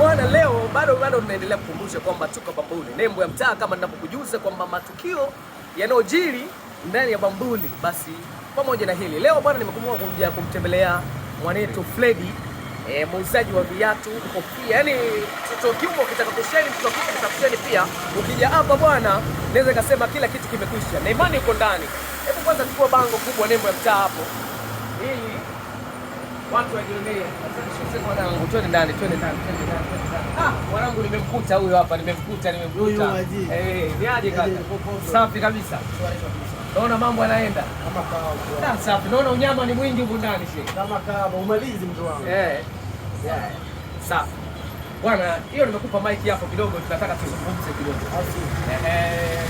bwana, leo bado bado tunaendelea kukumbusha kwamba tuko Bambuni, nembo ya mtaa, kama ninapokujuza kwamba matukio yanayojiri ndani ya Bambuni, basi pamoja na hili leo bwana, nimekumbuka kuja kumtembelea mwanetu Fredi e, muuzaji wa viatu, kofia, yani mtoto kiume ukitaka kusheni, mtoto kike utakusheni pia. Ukija hapa bwana, naweza kusema kila kitu kimekwisha na imani uko ndani. Hebu kwanza chukua bango kubwa, nembo ya mtaa hapo, hii watu wajiongee. Twende ndani, twende ndani, twende ndani. Ah, mwanangu nimemkuta huyo hapa, nimemkuta, nimemkuta. Eh, niaje yaani, kaka? Yaani, safi kabisa. Naona mambo yanaenda kama kawaida. Ah, safi. Naona unyama ni mwingi huko ndani shehe. Kama kawaida, umalizi mtu wangu. Eh. Safi. Bwana, hiyo nimekupa maiki hapo kidogo, tunataka tuzungumze kidogo. Eh.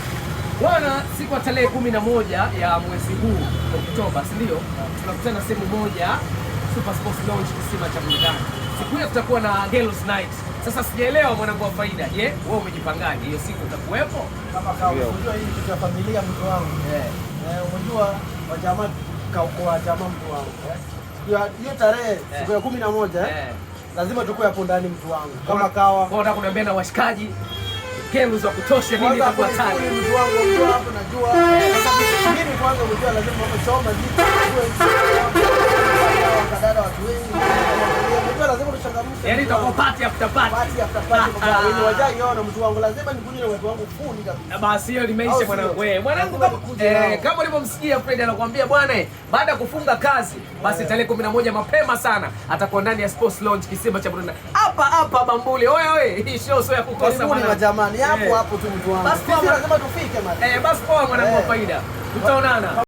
Bwana, siku ya tarehe kumi na moja ya mwezi huu Oktoba, si ndio? Tunakutana sehemu moja Super Sports Lounge kisima cha burudani. Siku hiyo tutakuwa na Girls Night. Sasa sijaelewa mwanangu wa faida, je, wewe umejipangani hiyo siku utakuwepo? Kama kawaida, unajua hii kitu ya familia mtu wangu. Eh. Yeah. Eh, unajua wa jamaa ka kwa jamaa mtu wangu. Eh. Hiyo tarehe siku ya 11 eh. Lazima tukue hapo ndani mtu wangu. Kama kawa. Kwa nataka kuniambia na washikaji kemu za kutosha mimi nitakuwa tani. Mtu wangu mtu wangu najua. Mimi kwanza unajua lazima msoma jitu. Yaani tutakuwa party after party. Party after party kwa wenye wajai yona mtu wangu lazima nikunye watu wangu kuni kabisa. Na eh, Basi hiyo limeisha mwanangu. Eh, mwanangu kama ulivyomsikia Fred anakuambia bwana baada ya kufunga kazi basi eh. tarehe 11 mapema sana atakuwa ndani ya Sports Lounge Kisima cha Burunda. Hapa hapa Bambuli. Oye oye, hii show sio ya kukosa mwanangu. Jamani, hapo eh. hapo tu mtu wangu. Basi lazima tufike mara. Eh, basi poa mwanangu faida. Tutaonana.